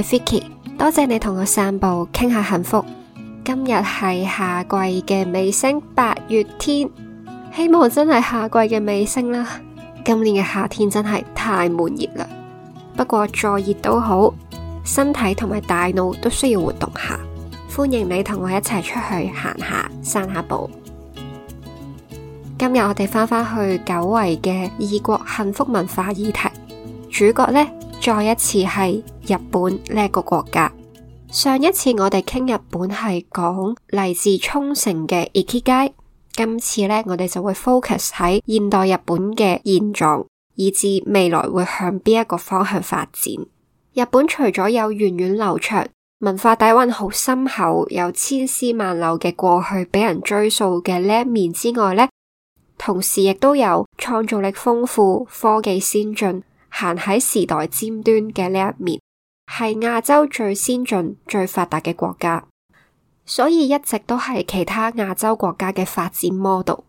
Hi Vicky，多謝你同我散步，傾下幸福。今日係夏季嘅尾聲，八月天，希望真係夏季嘅尾聲啦。今年嘅夏天真係太悶熱啦，不過再熱都好，身體同埋大腦都需要活動下。歡迎你同我一齊出去行下，散下步。今日我哋翻返去久違嘅異國幸福文化議題，主角呢。再一次係日本呢一個國家。上一次我哋傾日本係講嚟自沖繩嘅 ikigai，今次呢我哋就會 focus 喺現代日本嘅現狀，以至未來會向邊一個方向發展。日本除咗有源遠流長、文化底蘊好深厚、有千絲萬縷嘅過去俾人追溯嘅呢一面之外呢，呢同時亦都有創造力豐富、科技先進，行喺時代尖端嘅呢一面，係亞洲最先進、最發達嘅國家，所以一直都係其他亞洲國家嘅發展 model。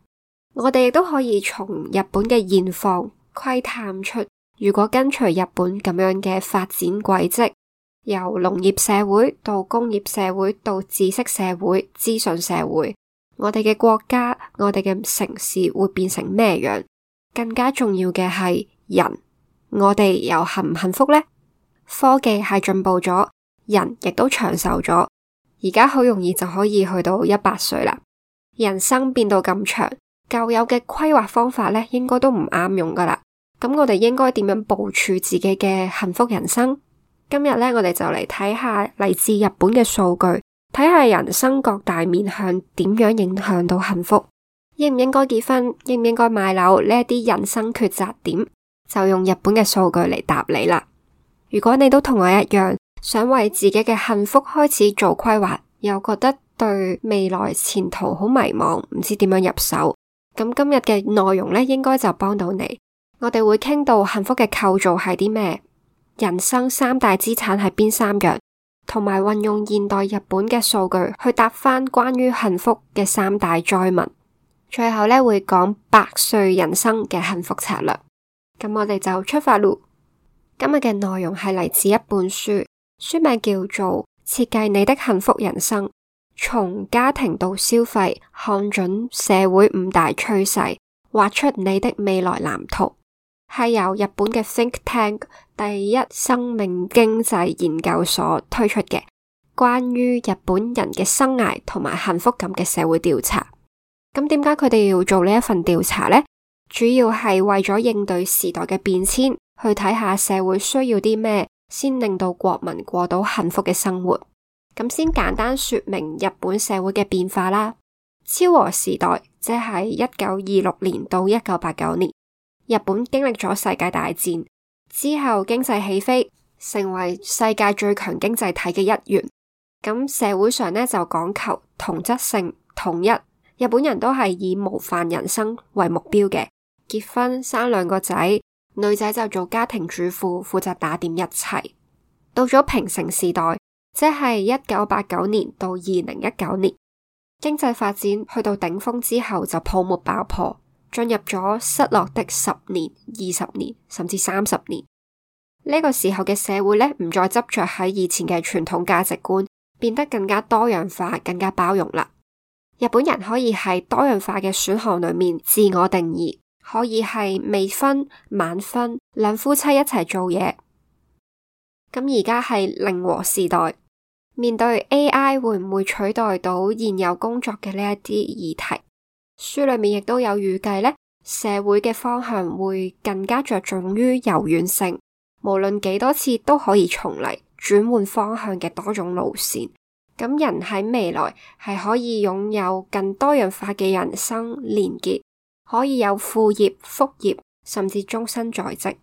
我哋亦都可以從日本嘅現況窺探出，如果跟隨日本咁樣嘅發展軌跡，由農業社會到工業社會到知識社會、資訊社會，我哋嘅國家、我哋嘅城市會變成咩樣？更加重要嘅係人。我哋又幸唔幸福呢？科技係進步咗，人亦都長壽咗，而家好容易就可以去到一百歲啦。人生變到咁長，舊有嘅規劃方法呢，應該都唔啱用噶啦。咁我哋應該點樣部署自己嘅幸福人生？今日呢，我哋就嚟睇下嚟自日本嘅數據，睇下人生各大面向點樣影響到幸福，應唔應該結婚，應唔應該買樓呢啲人生抉擇點？就用日本嘅數據嚟答你啦。如果你都同我一樣想為自己嘅幸福開始做規劃，又覺得對未來前途好迷茫，唔知點樣入手，咁今日嘅內容呢，應該就幫到你。我哋會傾到幸福嘅構造係啲咩，人生三大資產係邊三樣，同埋運用現代日本嘅數據去答翻關於幸福嘅三大哉問，最後呢，會講百歲人生嘅幸福策略。咁我哋就出發囉。今日嘅內容係嚟自一本書，書名叫做《設計你的幸福人生》，從家庭到消費，看準社會五大趨勢，畫出你的未來藍圖。係由日本嘅 Think Tank 第一生命經濟研究所推出嘅，關於日本人嘅生涯同埋幸福感嘅社會調查。咁點解佢哋要做呢一份調查咧？主要係為咗應對時代嘅變遷，去睇下社會需要啲咩，先令到國民過到幸福嘅生活。咁先簡單說明日本社會嘅變化啦。昭和時代即係一九二六年到一九八九年，日本經歷咗世界大戰之後，經濟起飛，成為世界最強經濟體嘅一員。咁社會上呢，就講求同質性、統一，日本人都係以模範人生為目標嘅。結婚生兩個仔，女仔就做家庭主婦，負責打點一切。到咗平成時代，即係一九八九年到二零一九年，經濟發展去到頂峰之後就泡沫爆破，進入咗失落的十年、二十年甚至三十年。呢個時候嘅社會呢，唔再執着喺以前嘅傳統價值觀，變得更加多樣化、更加包容啦。日本人可以喺多樣化嘅選項裏面自我定義。可以係未婚、晚婚，兩夫妻一齊做嘢。咁而家係令和時代，面對 AI 會唔會取代到現有工作嘅呢一啲議題。書裏面亦都有預計呢，社會嘅方向會更加着重於柔軟性，無論幾多次都可以重嚟轉換方向嘅多種路線。咁人喺未來係可以擁有更多樣化嘅人生連結。可以有副業、副業甚至終身在職。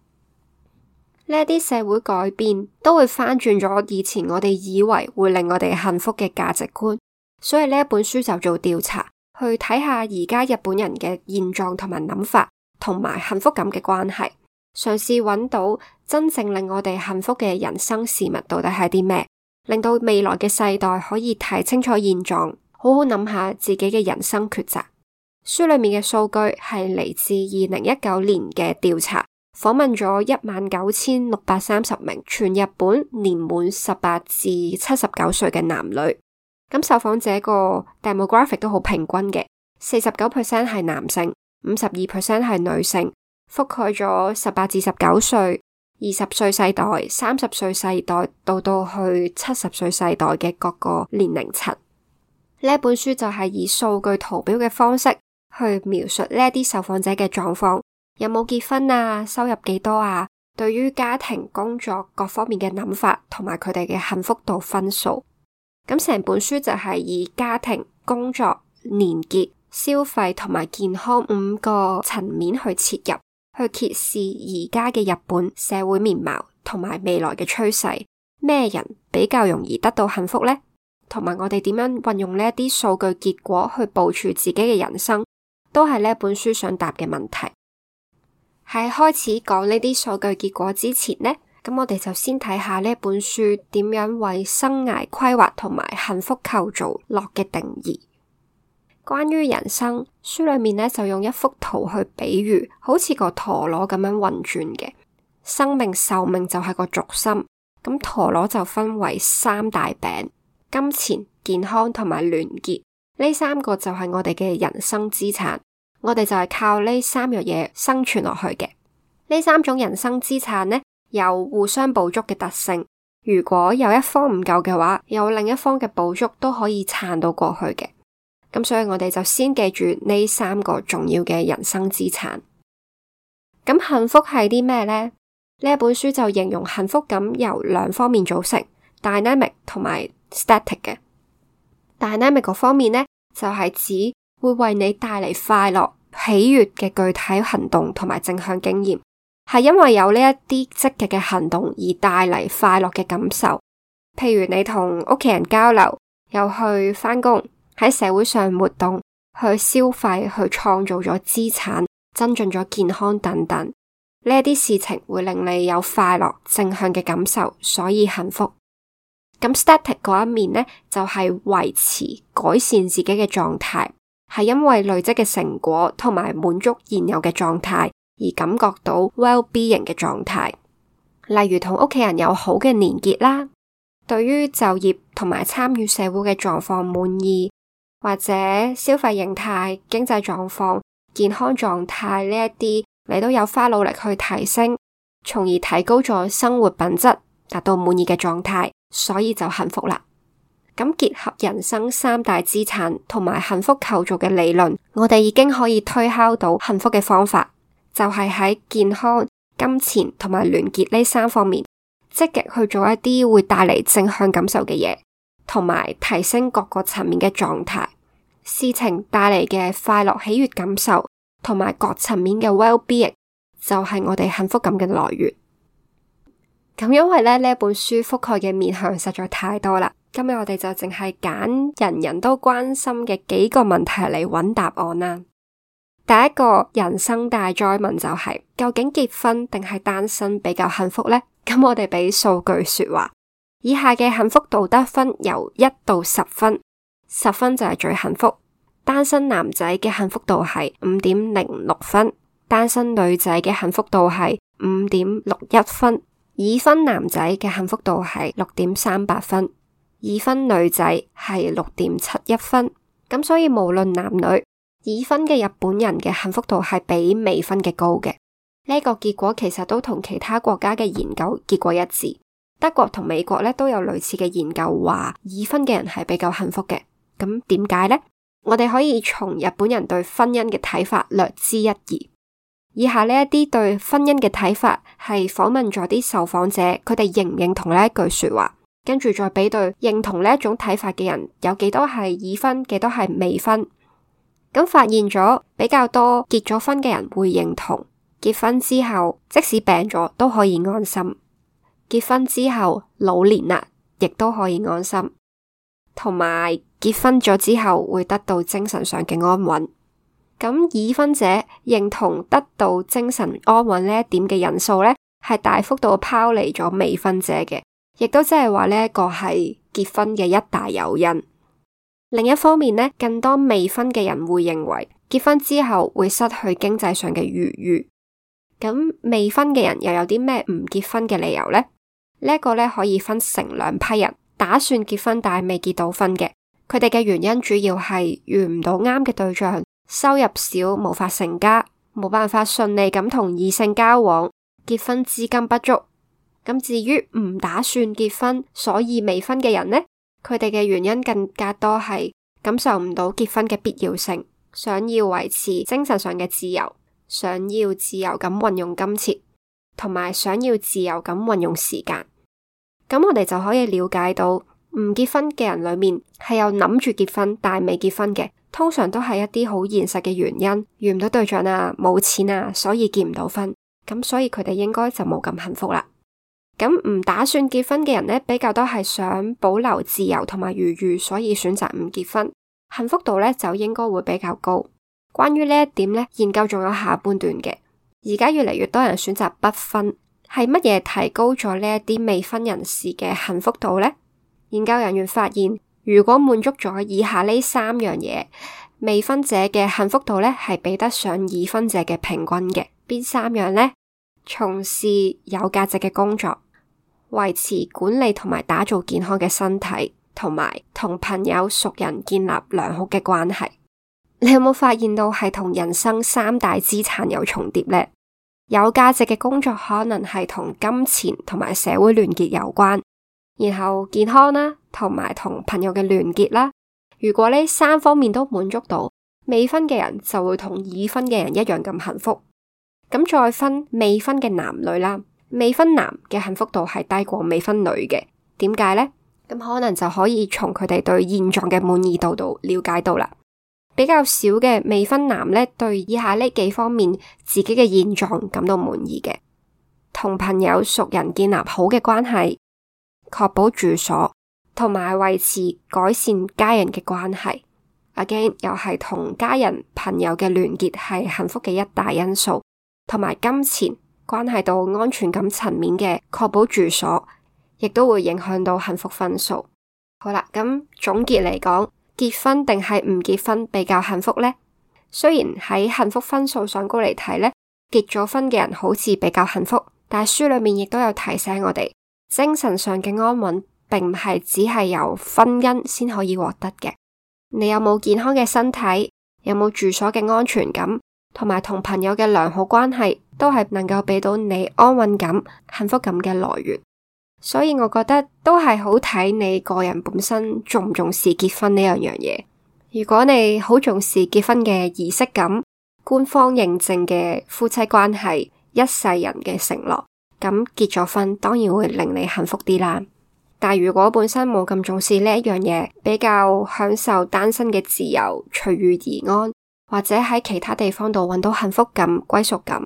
呢啲社會改變都會翻轉咗以前我哋以為會令我哋幸福嘅價值觀，所以呢一本書就做調查，去睇下而家日本人嘅現狀同埋諗法，同埋幸福感嘅關係，嘗試揾到真正令我哋幸福嘅人生事物到底係啲咩，令到未來嘅世代可以睇清楚現狀，好好諗下自己嘅人生抉擇。書裏面嘅數據係嚟自二零一九年嘅調查，訪問咗一萬九千六百三十名全日本年滿十八至七十九歲嘅男女。咁受訪者個 demographic 都好平均嘅，四十九 percent 係男性，五十二 percent 係女性，覆蓋咗十八至十九歲、二十歲世代、三十歲世代到到去七十歲世代嘅各個年齡層。呢一本書就係以數據圖表嘅方式。去描述呢啲受訪者嘅狀況，有冇結婚啊？收入幾多啊？對於家庭、工作各方面嘅諗法，同埋佢哋嘅幸福度分數。咁成本書就係以家庭、工作、連結、消費同埋健康五個層面去切入，去揭示而家嘅日本社會面貌同埋未來嘅趨勢。咩人比較容易得到幸福呢？同埋我哋點樣運用呢啲數據結果去部署自己嘅人生？都係呢本書想答嘅問題。喺開始講呢啲數據結果之前呢，咁我哋就先睇下呢本書點樣為生涯規劃同埋幸福構造落嘅定義。關於人生，書裏面呢就用一幅圖去比喻，好似個陀螺咁樣運轉嘅。生命壽命就係個軸心，咁陀螺就分為三大餅：金錢、健康同埋聯結。呢三個就係我哋嘅人生資產。我哋就係靠呢三樣嘢生存落去嘅。呢三種人生資產呢，有互相補足嘅特性。如果有一方唔夠嘅話，有另一方嘅補足都可以撐到過去嘅。咁所以我哋就先記住呢三個重要嘅人生資產。咁幸福係啲咩呢？呢一本書就形容幸福感由兩方面組成，dynamic 同埋 static 嘅。dynamic 嗰方面呢，就係指會為你帶嚟快樂。喜悅嘅具體行動同埋正向經驗，係因為有呢一啲積極嘅行動而帶嚟快樂嘅感受。譬如你同屋企人交流，又去翻工，喺社會上活動，去消費，去創造咗資產，增進咗健康等等，呢一啲事情會令你有快樂正向嘅感受，所以幸福。咁 static 嗰一面呢，就係維持改善自己嘅狀態。係因為累積嘅成果同埋滿足現有嘅狀態，而感覺到 well-being 嘅狀態。例如同屋企人有好嘅連結啦，對於就業同埋參與社會嘅狀況滿意，或者消費形態、經濟狀況、健康狀態呢一啲，你都有花努力去提升，從而提高咗生活品質，達到滿意嘅狀態，所以就幸福啦。咁結合人生三大資產同埋幸福構造嘅理論，我哋已經可以推敲到幸福嘅方法，就係、是、喺健康、金錢同埋聯結呢三方面積極去做一啲會帶嚟正向感受嘅嘢，同埋提升各個層面嘅狀態。事情帶嚟嘅快樂喜悅感受，同埋各層面嘅 well being，就係我哋幸福感嘅來源。咁因為咧呢本書覆蓋嘅面向實在太多啦。今日我哋就淨係揀人人都關心嘅幾個問題嚟揾答案啦。第一個人生大哉問就係、是、究竟結婚定係單身比較幸福呢？咁我哋俾數據說話。以下嘅幸福度得分由一到十分，十分就係最幸福。單身男仔嘅幸福度係五點零六分，單身女仔嘅幸福度係五點六一分，已婚男仔嘅幸福度係六點三八分。已婚女仔係六點七一分，咁所以無論男女，已婚嘅日本人嘅幸福度係比未婚嘅高嘅。呢個結果其實都同其他國家嘅研究結果一致。德國同美國咧都有類似嘅研究話，已婚嘅人係比較幸福嘅。咁點解呢？我哋可以從日本人對婚姻嘅睇法略知一二。以下呢一啲對婚姻嘅睇法係訪問咗啲受訪者，佢哋認唔認同呢一句說話？跟住再比對認同呢一種睇法嘅人有幾多係已婚，幾多係未婚？咁發現咗比較多結咗婚嘅人會認同結婚之後，即使病咗都可以安心；結婚之後老年啦，亦都可以安心。同埋結婚咗之後會得到精神上嘅安穩。咁已婚者認同得到精神安穩呢一點嘅人數呢，係大幅度拋離咗未婚者嘅。亦都即係話呢一個係結婚嘅一大誘因。另一方面呢，更多未婚嘅人會認為結婚之後會失去經濟上嘅餘裕。咁未婚嘅人又有啲咩唔結婚嘅理由呢？這個、呢一個咧可以分成兩批人：打算結婚但係未結到婚嘅，佢哋嘅原因主要係遇唔到啱嘅對象，收入少無法成家，冇辦法順利咁同異性交往，結婚資金不足。咁至於唔打算結婚，所以未婚嘅人呢，佢哋嘅原因更加多係感受唔到結婚嘅必要性，想要維持精神上嘅自由，想要自由咁運用金錢，同埋想要自由咁運用時間。咁我哋就可以了解到，唔結婚嘅人裏面係有諗住結婚但係未結婚嘅，通常都係一啲好現實嘅原因，遇唔到對象啊，冇錢啊，所以結唔到婚。咁所以佢哋應該就冇咁幸福啦。咁唔打算結婚嘅人呢，比較多係想保留自由同埋餘裕，所以選擇唔結婚，幸福度呢，就應該會比較高。關於呢一點呢，研究仲有下半段嘅。而家越嚟越多人選擇不婚，係乜嘢提高咗呢一啲未婚人士嘅幸福度呢？研究人員發現，如果滿足咗以下呢三樣嘢，未婚者嘅幸福度呢，係比得上已婚者嘅平均嘅。邊三樣呢？從事有價值嘅工作。維持管理同埋打造健康嘅身體，同埋同朋友熟人建立良好嘅關係。你有冇發現到係同人生三大資產有重疊呢？有價值嘅工作可能係同金錢同埋社會聯結有關，然後健康啦，同埋同朋友嘅聯結啦。如果呢三方面都滿足到，未婚嘅人就會同已婚嘅人一樣咁幸福。咁再分未婚嘅男女啦。未婚男嘅幸福度係低過未婚女嘅，點解呢？咁可能就可以從佢哋對現狀嘅滿意度度了解到啦。比較少嘅未婚男咧，對以下呢幾方面自己嘅現狀感到滿意嘅，同朋友熟人建立好嘅關係，確保住所，同埋維持改善家人嘅關係。Again，又係同家人朋友嘅聯結係幸福嘅一大因素，同埋金錢。關係到安全感層面嘅確保住所，亦都會影響到幸福分數。好啦，咁、嗯、總結嚟講，結婚定係唔結婚比較幸福呢？雖然喺幸福分數上高嚟睇呢，結咗婚嘅人好似比較幸福，但係書裏面亦都有提醒我哋，精神上嘅安穩並唔係只係由婚姻先可以獲得嘅。你有冇健康嘅身體？有冇住所嘅安全感？同埋同朋友嘅良好關係？都係能夠俾到你安穩感、幸福感嘅來源，所以我覺得都係好睇你個人本身重唔重視結婚呢樣樣嘢。如果你好重視結婚嘅儀式感、官方認證嘅夫妻關係、一世人嘅承諾，咁結咗婚當然會令你幸福啲啦。但如果本身冇咁重視呢一樣嘢，比較享受單身嘅自由、隨遇而安，或者喺其他地方度揾到幸福感、歸屬感。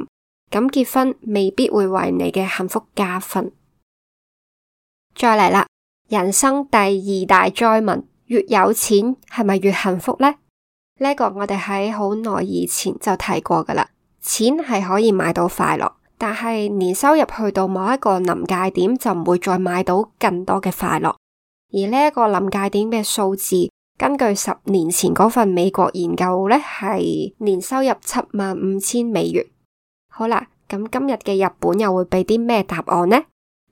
咁結婚未必會為你嘅幸福加分。再嚟啦，人生第二大哉問，越有錢係咪越幸福呢？呢、呢個，我哋喺好耐以前就提過噶啦。錢係可以買到快樂，但係年收入去到某一個臨界點就唔會再買到更多嘅快樂。而呢一個臨界點嘅數字，根據十年前嗰份美國研究咧，係年收入七萬五千美元。好啦，咁今日嘅日本又會俾啲咩答案呢？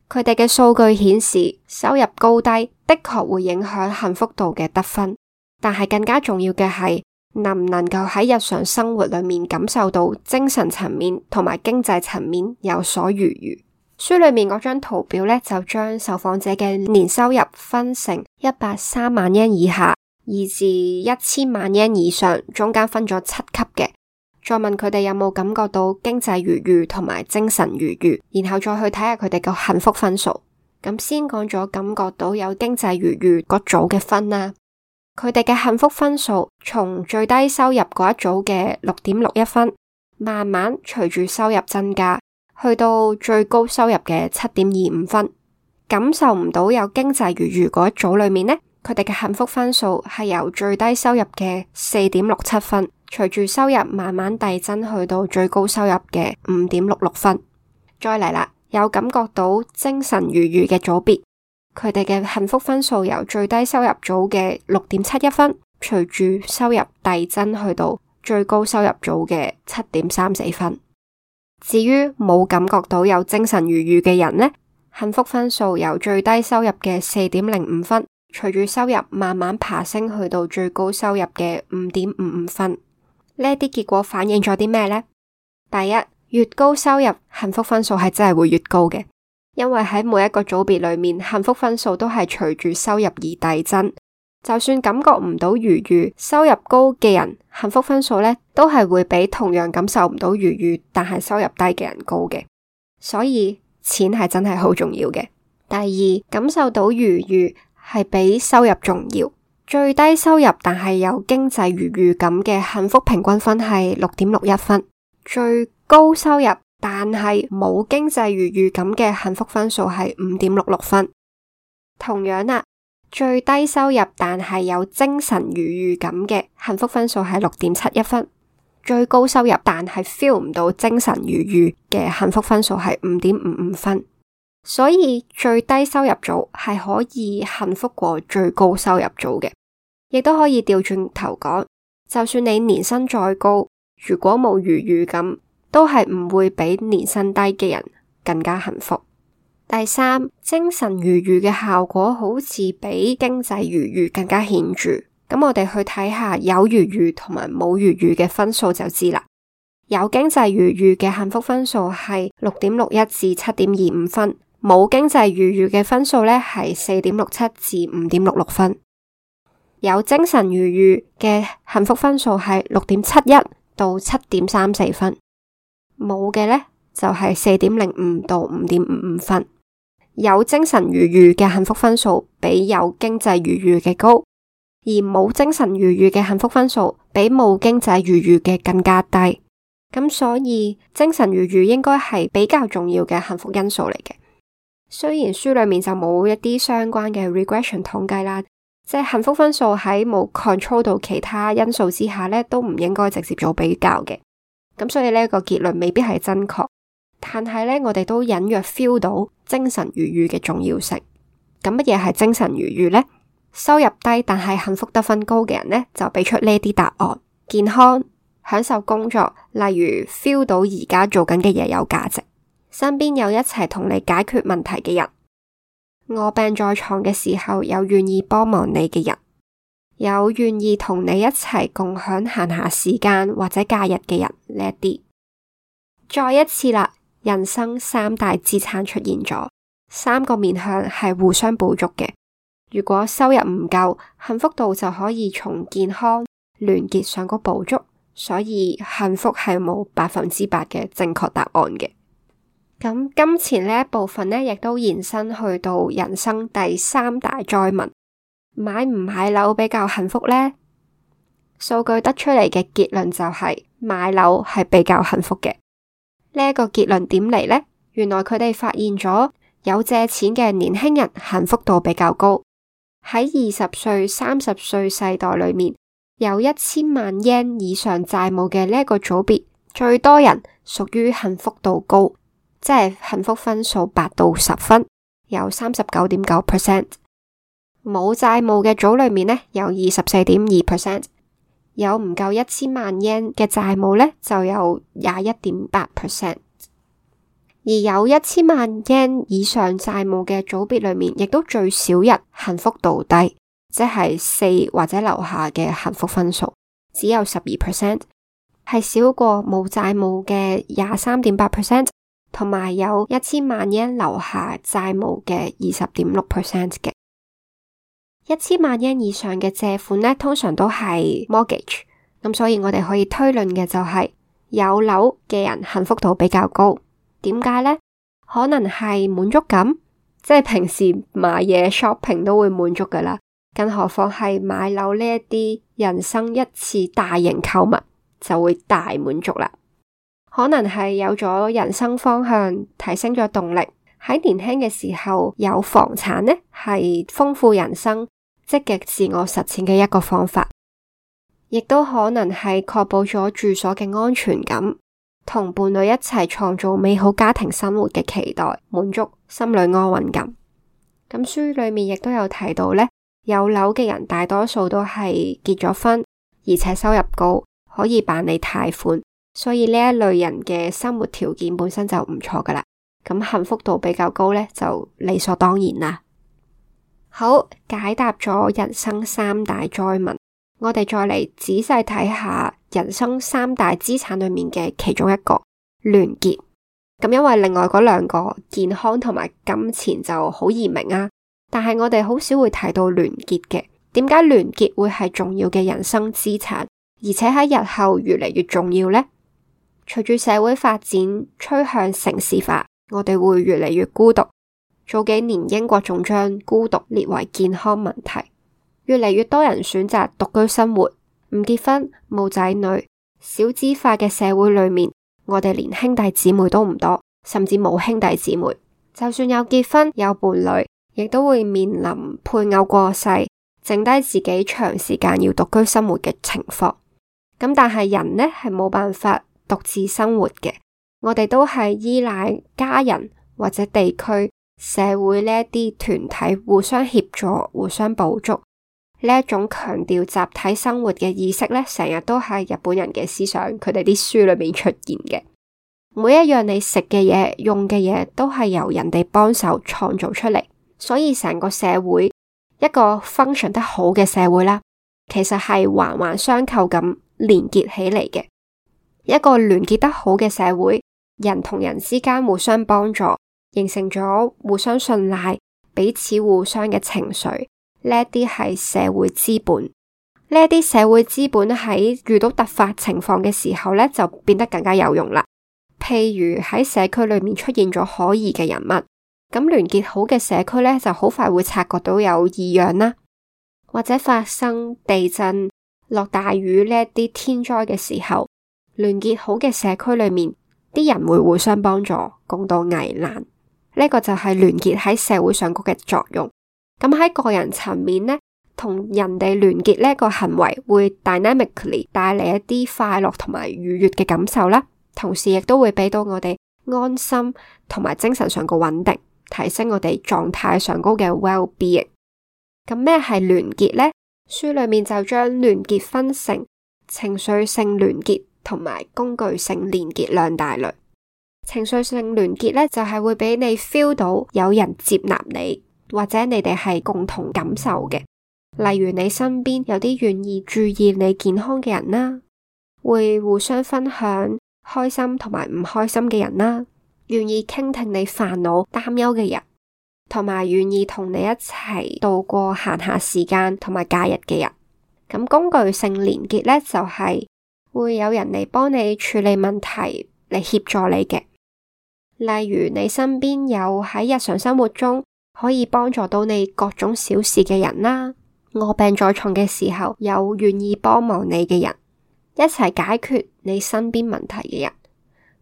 佢哋嘅數據顯示，收入高低的確會影響幸福度嘅得分，但係更加重要嘅係，能唔能夠喺日常生活裏面感受到精神層面同埋經濟層面有所餘裕？書裏面嗰張圖表咧，就將受訪者嘅年收入分成一百三萬日圓以下、以至一千萬日圓以上，中間分咗七級嘅。再問佢哋有冇感覺到經濟餘裕同埋精神餘裕，然後再去睇下佢哋嘅幸福分數。咁先講咗感覺到有經濟餘裕嗰組嘅分啦，啊，佢哋嘅幸福分數從最低收入嗰一組嘅六點六一分，慢慢隨住收入增加，去到最高收入嘅七點二五分。感受唔到有經濟餘裕嗰一組裏面呢，佢哋嘅幸福分數係由最低收入嘅四點六七分，隨住收入慢慢遞增去到最高收入嘅五點六六分。再嚟啦，有感覺到精神愉悦嘅組別，佢哋嘅幸福分數由最低收入組嘅六點七一分，隨住收入遞增去到最高收入組嘅七點三四分。至於冇感覺到有精神愉悦嘅人呢，幸福分數由最低收入嘅四點零五分。隨住收入慢慢爬升，去到最高收入嘅五點五五分，呢啲結果反映咗啲咩呢？第一，越高收入，幸福分數係真係會越高嘅，因為喺每一個組別裏面，幸福分數都係隨住收入而遞增。就算感覺唔到餘裕，收入高嘅人，幸福分數呢都係會比同樣感受唔到餘裕但係收入低嘅人高嘅。所以錢係真係好重要嘅。第二，感受到餘裕，係比收入重要。最低收入但係有經濟餘裕感嘅幸福平均分係六點六一分，最高收入但係冇經濟餘裕感嘅幸福分數係五點六六分。同樣啊，最低收入但係有精神餘裕感嘅幸福分數係六點七一分，最高收入但係 feel 唔到精神餘裕嘅幸福分數係五點五五分。所以最低收入組係可以幸福過最高收入組嘅，亦都可以調轉頭講，就算你年薪再高，如果冇餘裕咁，都係唔會比年薪低嘅人更加幸福。第三，精神餘裕嘅效果好似比經濟餘裕更加顯著。咁我哋去睇下有餘裕同埋冇餘裕嘅分數就知啦。有經濟餘裕嘅幸福分數係六點六一至七點二五分。冇經濟餘裕嘅分數咧係四點六七至五點六六分，有精神餘裕嘅幸福分數係六點七一到七點三四分，冇嘅咧就係四點零五到五點五五分。有精神餘裕嘅幸福分數比有經濟餘裕嘅高，而冇精神餘裕嘅幸福分數比冇經濟餘裕嘅更加低。咁所以精神餘裕應該係比較重要嘅幸福因素嚟嘅。雖然書裏面就冇一啲相關嘅 regression 統計啦，即係幸福分數喺冇 control 到其他因素之下咧，都唔應該直接做比較嘅。咁所以呢個結論未必係真確，但係咧我哋都隱約 feel 到精神餘裕嘅重要性。咁乜嘢係精神餘裕呢？收入低但係幸福得分高嘅人咧，就俾出呢啲答案：健康、享受工作，例如 feel 到而家做緊嘅嘢有價值。身邊有一齊同你解決問題嘅人，我病在床嘅時候有願意幫忙你嘅人，有願意同你一齊共享閒暇時間或者假日嘅人呢啲。再一次啦，人生三大資產出現咗，三個面向係互相補足嘅。如果收入唔夠，幸福度就可以從健康、聯結上個補足，所以幸福係冇百分之百嘅正確答案嘅。咁金錢呢部分呢，亦都延伸去到人生第三大哉問，買唔買樓比較幸福呢？數據得出嚟嘅結論就係買樓係比較幸福嘅。呢一個結論點嚟呢？原來佢哋發現咗有借錢嘅年輕人幸福度比較高。喺二十歲、三十歲世代裏面，有一千萬日圓以上債務嘅呢一個組別，最多人屬於幸福度高。即係幸福分數八到十分，有三十九點九 percent；冇債務嘅組裏面呢，有二十四點二 percent；有唔夠一千萬 yen 嘅債務呢，就有廿一點八 percent。而有一千萬 yen 以上債務嘅組別裏面，亦都最少人幸福度低，即係四或者樓下嘅幸福分數只有十二 percent，係少過冇債務嘅廿三點八 percent。同埋有一千萬日圓留下債務嘅二十點六 percent 嘅一千萬日圓以上嘅借款呢，通常都係 mortgage 咁，所以我哋可以推論嘅就係、是、有樓嘅人幸福度比較高。點解呢？可能係滿足感，即係平時買嘢 shopping 都會滿足噶啦，更何況係買樓呢一啲人生一次大型購物就會大滿足啦。可能係有咗人生方向，提升咗動力。喺年輕嘅時候有房產呢係豐富人生、積極自我實踐嘅一個方法。亦都可能係確保咗住所嘅安全感，同伴侶一齊創造美好家庭生活嘅期待，滿足心理安穩感。咁書裏面亦都有提到咧，有樓嘅人大多數都係結咗婚，而且收入高，可以辦理貸款。所以呢一類人嘅生活條件本身就唔錯噶啦，咁幸福度比較高呢，就理所當然啦。好，解答咗人生三大哉問，我哋再嚟仔細睇下人生三大資產裏面嘅其中一個聯結。咁因為另外嗰兩個健康同埋金錢就好易明啊，但係我哋好少會提到聯結嘅。點解聯結會係重要嘅人生資產，而且喺日後越嚟越重要呢？隨住社會發展，趨向城市化，我哋會越嚟越孤獨。早幾年英國仲將孤獨列為健康問題。越嚟越多人選擇獨居生活，唔結婚、冇仔女、少子化嘅社會裏面，我哋連兄弟姊妹都唔多，甚至冇兄弟姊妹。就算有結婚有伴侶，亦都會面臨配偶過世，剩低自己長時間要獨居生活嘅情況。咁但係人呢，係冇辦法。獨自生活嘅，我哋都係依賴家人或者地區社會呢一啲團體互相協助、互相補足呢一種強調集體生活嘅意識咧，成日都係日本人嘅思想，佢哋啲書裏面出現嘅。每一樣你食嘅嘢、用嘅嘢，都係由人哋幫手創造出嚟，所以成個社會一個 function 得好嘅社會啦，其實係環環相扣咁連結起嚟嘅。一個聯結得好嘅社會，人同人之間互相幫助，形成咗互相信賴、彼此互相嘅情緒。呢一啲係社會資本，呢一啲社會資本喺遇到突發情況嘅時候咧，就變得更加有用啦。譬如喺社區裏面出現咗可疑嘅人物，咁聯結好嘅社區咧，就好快會察覺到有異樣啦。或者發生地震、落大雨呢一啲天災嘅時候。聯結好嘅社區裏面，啲人會互相幫助，共度危難。呢個就係聯結喺社會上高嘅作用。咁喺個人層面呢，同人哋聯結呢一個行為會 dynamically 帶嚟一啲快樂同埋愉悦嘅感受啦。同時亦都會俾到我哋安心同埋精神上嘅穩定，提升我哋狀態上高嘅 well-being。咁咩係聯結呢？書裏面就將聯結分成情緒性聯結。同埋工具性連結兩大類，情緒性連結咧就係會俾你 feel 到有人接納你，或者你哋係共同感受嘅，例如你身邊有啲願意注意你健康嘅人啦，會互相分享開心同埋唔開心嘅人啦，願意傾聽你煩惱擔憂嘅人，同埋願意同你一齊度過閒暇時間同埋假日嘅人。咁工具性連結咧就係，會有人嚟幫你處理問題，嚟協助你嘅。例如你身邊有喺日常生活中可以幫助到你各種小事嘅人啦。臥病在床嘅時候有願意幫忙你嘅人，一齊解決你身邊問題嘅人，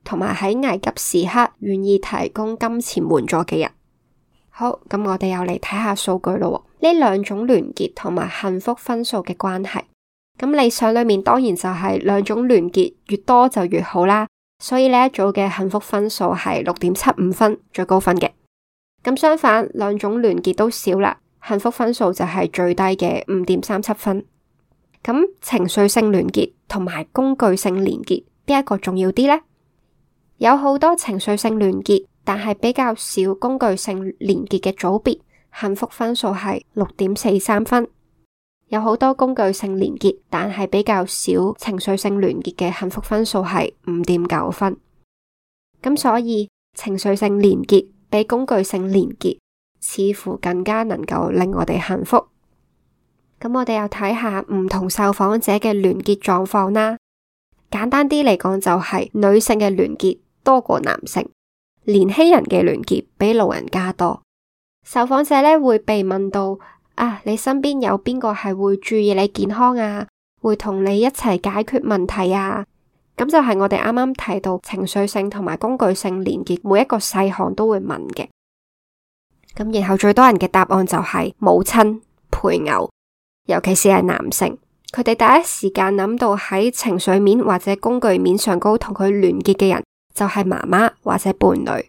同埋喺危急時刻願意提供金錢援助嘅人。好，咁我哋又嚟睇下數據咯。呢兩種聯結同埋幸福分數嘅關係。咁理想裏面當然就係兩種聯結越多就越好啦，所以呢一組嘅幸福分數係六點七五分最高分嘅。咁相反，兩種聯結都少啦，幸福分數就係最低嘅五點三七分。咁情緒性聯結同埋工具性聯結，邊一個重要啲呢？有好多情緒性聯結，但係比較少工具性聯結嘅組別，幸福分數係六點四三分。有好多工具性連結，但係比較少情緒性連結嘅幸福分數係五點九分。咁所以情緒性連結比工具性連結似乎更加能夠令我哋幸福。咁我哋又睇下唔同受訪者嘅連結狀況啦。簡單啲嚟講，就係女性嘅連結多過男性，年輕人嘅連結比老人家多。受訪者呢會被問到。啊！你身邊有邊個係會注意你健康啊？會同你一齊解決問題啊？咁就係我哋啱啱提到情緒性同埋工具性連結，每一個細項都會問嘅。咁然後最多人嘅答案就係母親、配偶，尤其是係男性，佢哋第一時間諗到喺情緒面或者工具面上高同佢連結嘅人就係媽媽或者伴侶。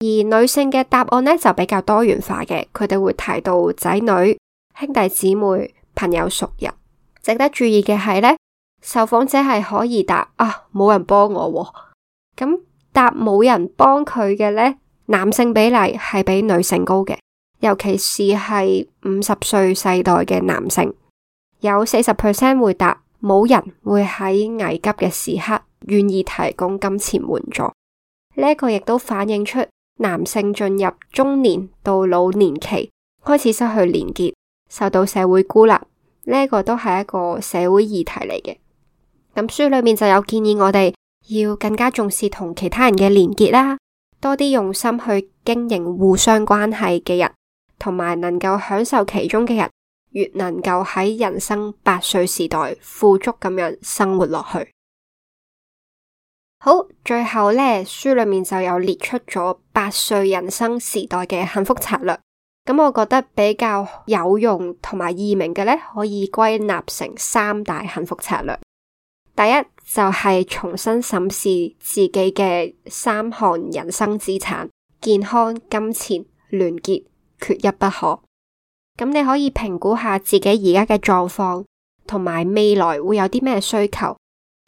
而女性嘅答案呢，就比較多元化嘅，佢哋會提到仔女、兄弟姊妹、朋友、熟人。值得注意嘅係呢，受訪者係可以答啊冇人幫我啊，咁答冇人幫佢嘅呢，男性比例係比女性高嘅，尤其是係五十歲世代嘅男性，有四十 percent 會答冇人會喺危急嘅時刻願意提供金錢援助。呢個亦都反映出。男性進入中年到老年期，開始失去連結，受到社會孤立，呢個都係一個社會議題嚟嘅。咁書裏面就有建議我哋要更加重視同其他人嘅連結啦，多啲用心去經營互相關係嘅人，同埋能夠享受其中嘅人，越能夠喺人生百歲時代富足咁樣生活落去。好，最後呢，書裏面就有列出咗。百歲人生時代嘅幸福策略，咁我覺得比較有用同埋易明嘅咧，可以歸納成三大幸福策略。第一就係、是、重新審視自己嘅三項人生資產：健康、金錢、聯結，缺一不可。咁你可以評估下自己而家嘅狀況，同埋未來會有啲咩需求？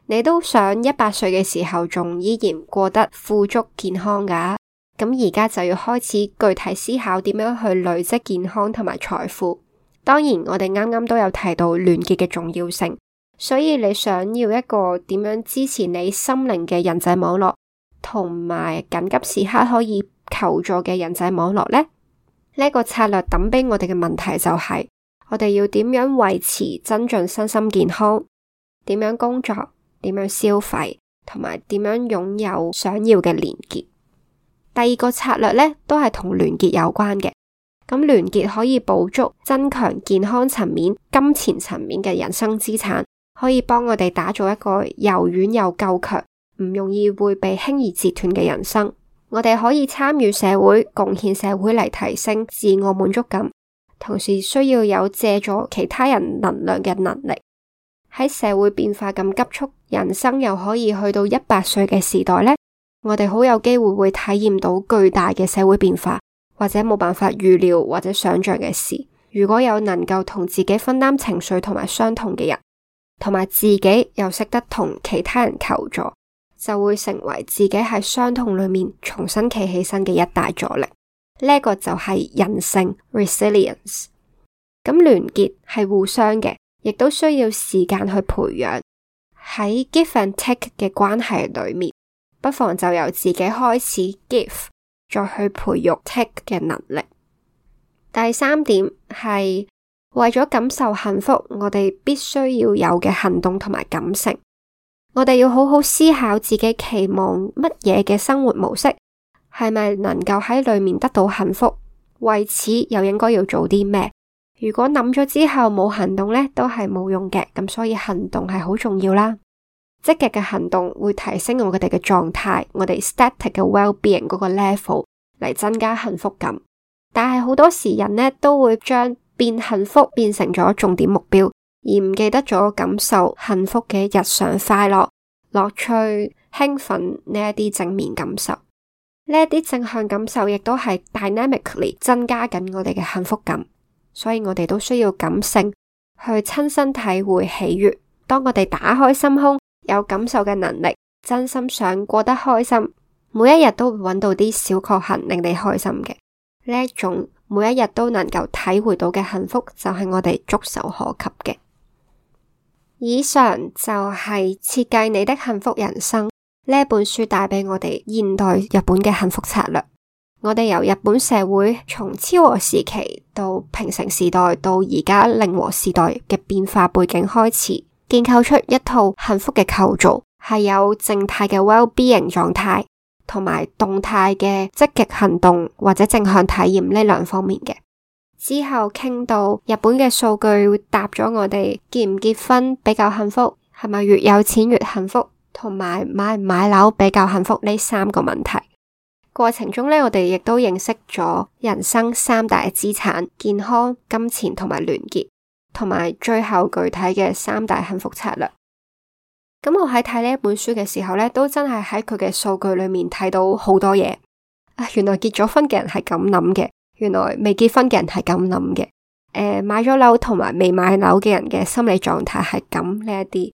你都想一百歲嘅時候仲依然過得富足健康噶、啊？咁而家就要開始具體思考點樣去累積健康同埋財富。當然，我哋啱啱都有提到聯結嘅重要性，所以你想要一個點樣支持你心靈嘅人際網絡，同埋緊急時刻可以求助嘅人際網絡呢？呢個策略抌俾我哋嘅問題就係，我哋要點樣維持增進身心健康，點樣工作，點樣消費，同埋點樣擁有想要嘅連結。第二個策略呢，都係同聯結有關嘅。咁聯結可以補足、增強健康層面、金錢層面嘅人生資產，可以幫我哋打造一個柔軟又夠強，唔容易會被輕易截斷嘅人生。我哋可以參與社會、貢獻社會嚟提升自我滿足感，同時需要有借助其他人能量嘅能力。喺社會變化咁急速，人生又可以去到一百歲嘅時代呢。我哋好有機會會體驗到巨大嘅社會變化，或者冇辦法預料或者想象嘅事。如果有能夠同自己分擔情緒同埋傷痛嘅人，同埋自己又識得同其他人求助，就會成為自己喺傷痛裏面重新企起身嘅一大助力。呢、這個就係韌性 （resilience）。咁聯結係互相嘅，亦都需要時間去培養。喺 give and take 嘅關係裏面。不妨就由自己開始 give，再去培育 take 嘅能力。第三點係為咗感受幸福，我哋必須要有嘅行動同埋感情。我哋要好好思考自己期望乜嘢嘅生活模式，係咪能夠喺裏面得到幸福？為此又應該要做啲咩？如果諗咗之後冇行動呢，都係冇用嘅。咁所以行動係好重要啦。積極嘅行動會提升我哋嘅狀態，我哋 static 嘅 wellbeing 嗰個 level 嚟，增加幸福感。但係好多時人呢，都會將變幸福變成咗重點目標，而唔記得咗感受幸福嘅日常快樂、樂趣、興奮呢一啲正面感受。呢一啲正向感受亦都係 dynamically 增加緊我哋嘅幸福感。所以我哋都需要感性去親身體會喜悦。當我哋打開心胸。有感受嘅能力，真心想過得開心，每一日都會揾到啲小確幸令你開心嘅。呢一種每一日都能夠體會到嘅幸福，就係我哋觸手可及嘅。以上就係設計你的幸福人生呢一本書帶俾我哋現代日本嘅幸福策略。我哋由日本社會從昭和時期到平成時代到而家令和時代嘅變化背景開始。建構出一套幸福嘅構造，係有靜態嘅 well-being 狀態，同埋動態嘅積極行動或者正向體驗呢兩方面嘅。之後傾到日本嘅數據答，答咗我哋結唔結婚比較幸福，係咪越有錢越幸福，同埋買唔買樓比較幸福呢三個問題。過程中呢，我哋亦都認識咗人生三大嘅資產：健康、金錢同埋聯結。同埋最後具體嘅三大幸福策略。咁我喺睇呢一本書嘅時候呢，都真係喺佢嘅數據裏面睇到好多嘢。啊，原來結咗婚嘅人係咁諗嘅，原來未結婚嘅人係咁諗嘅。誒、啊，買咗樓同埋未買樓嘅人嘅心理狀態係咁呢一啲。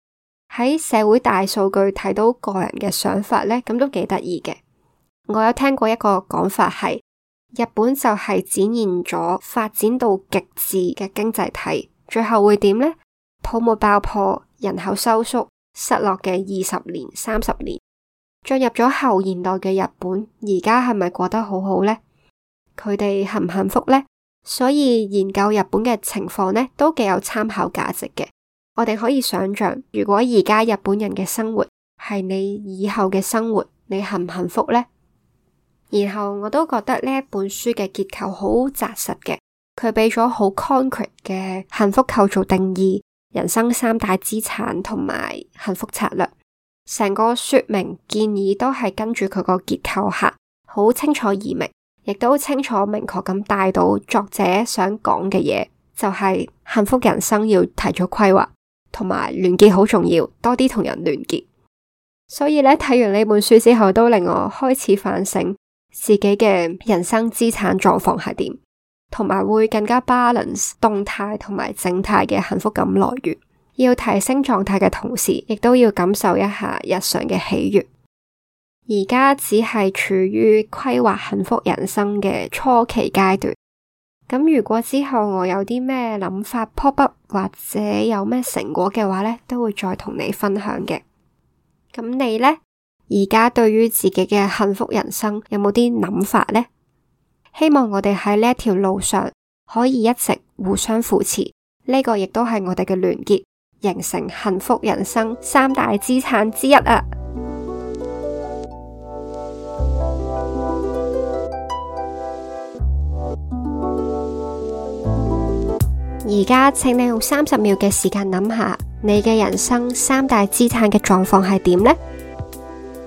喺社會大數據睇到個人嘅想法呢，咁都幾得意嘅。我有聽過一個講法係，日本就係展現咗發展到極致嘅經濟體。最後會點呢？泡沫爆破，人口收縮，失落嘅二十年、三十年，進入咗後現代嘅日本，而家係咪過得好好呢？佢哋幸唔幸福呢？所以研究日本嘅情況呢，都幾有參考價值嘅。我哋可以想象，如果而家日本人嘅生活係你以後嘅生活，你幸唔幸福呢？然後我都覺得呢一本書嘅結構好紮實嘅。佢畀咗好 concrete 嘅幸福構造定義，人生三大資產同埋幸福策略，成個說明建議都係跟住佢個結構行，好清楚易明，亦都好清楚明確咁帶到作者想講嘅嘢，就係、是、幸福人生要提早規劃，同埋聯結好重要，多啲同人聯結。所以咧，睇完呢本書之後，都令我開始反省自己嘅人生資產狀況係點。同埋會更加 balance 動態同埋靜態嘅幸福感來源，要提升狀態嘅同時，亦都要感受一下日常嘅喜悅。而家只係處於規劃幸福人生嘅初期階段。咁如果之後我有啲咩諗法 pop up 或者有咩成果嘅話咧，都會再同你分享嘅。咁你咧，而家對於自己嘅幸福人生有冇啲諗法咧？希望我哋喺呢一條路上可以一直互相扶持，呢、這個亦都係我哋嘅聯結，形成幸福人生三大資產之一啊！而家請你用三十秒嘅時間諗下，你嘅人生三大資產嘅狀況係點呢？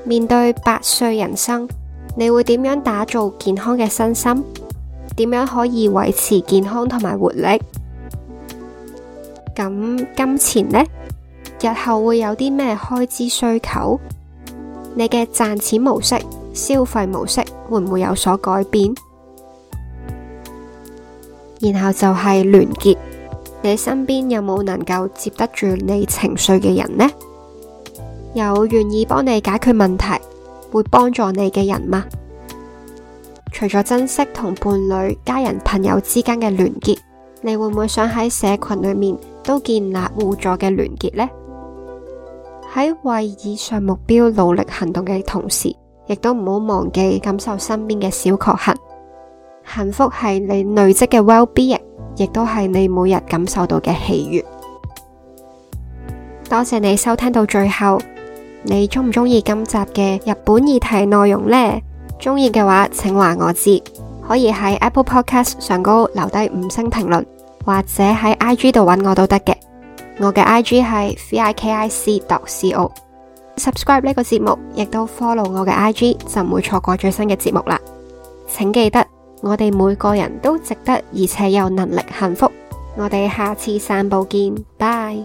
面對百歲人生，你會點樣打造健康嘅身心？點樣可以維持健康同埋活力？咁金錢呢？日後會有啲咩開支需求？你嘅賺錢模式、消費模式會唔會有所改變？然後就係聯結，你身邊有冇能夠接得住你情緒嘅人呢？有願意幫你解決問題？會幫助你嘅人嗎？除咗珍惜同伴侶、家人、朋友之間嘅聯結，你會唔會想喺社群裏面都建立互助嘅聯結呢？喺為以上目標努力行動嘅同時，亦都唔好忘記感受身邊嘅小確幸。幸福係你累積嘅 well being，亦都係你每日感受到嘅喜悅。多謝你收聽到最後。你中唔中意今集嘅日本議題內容呢？中意嘅話，請話我知，可以喺 Apple Podcast 上高留低五星評論，或者喺 IG 度揾我都得嘅。我嘅 IG 係 vikic.co。subscribe 呢個節目，亦都 follow 我嘅 IG，就唔會錯過最新嘅節目啦。請記得，我哋每個人都值得而且有能力幸福。我哋下次散步見，拜。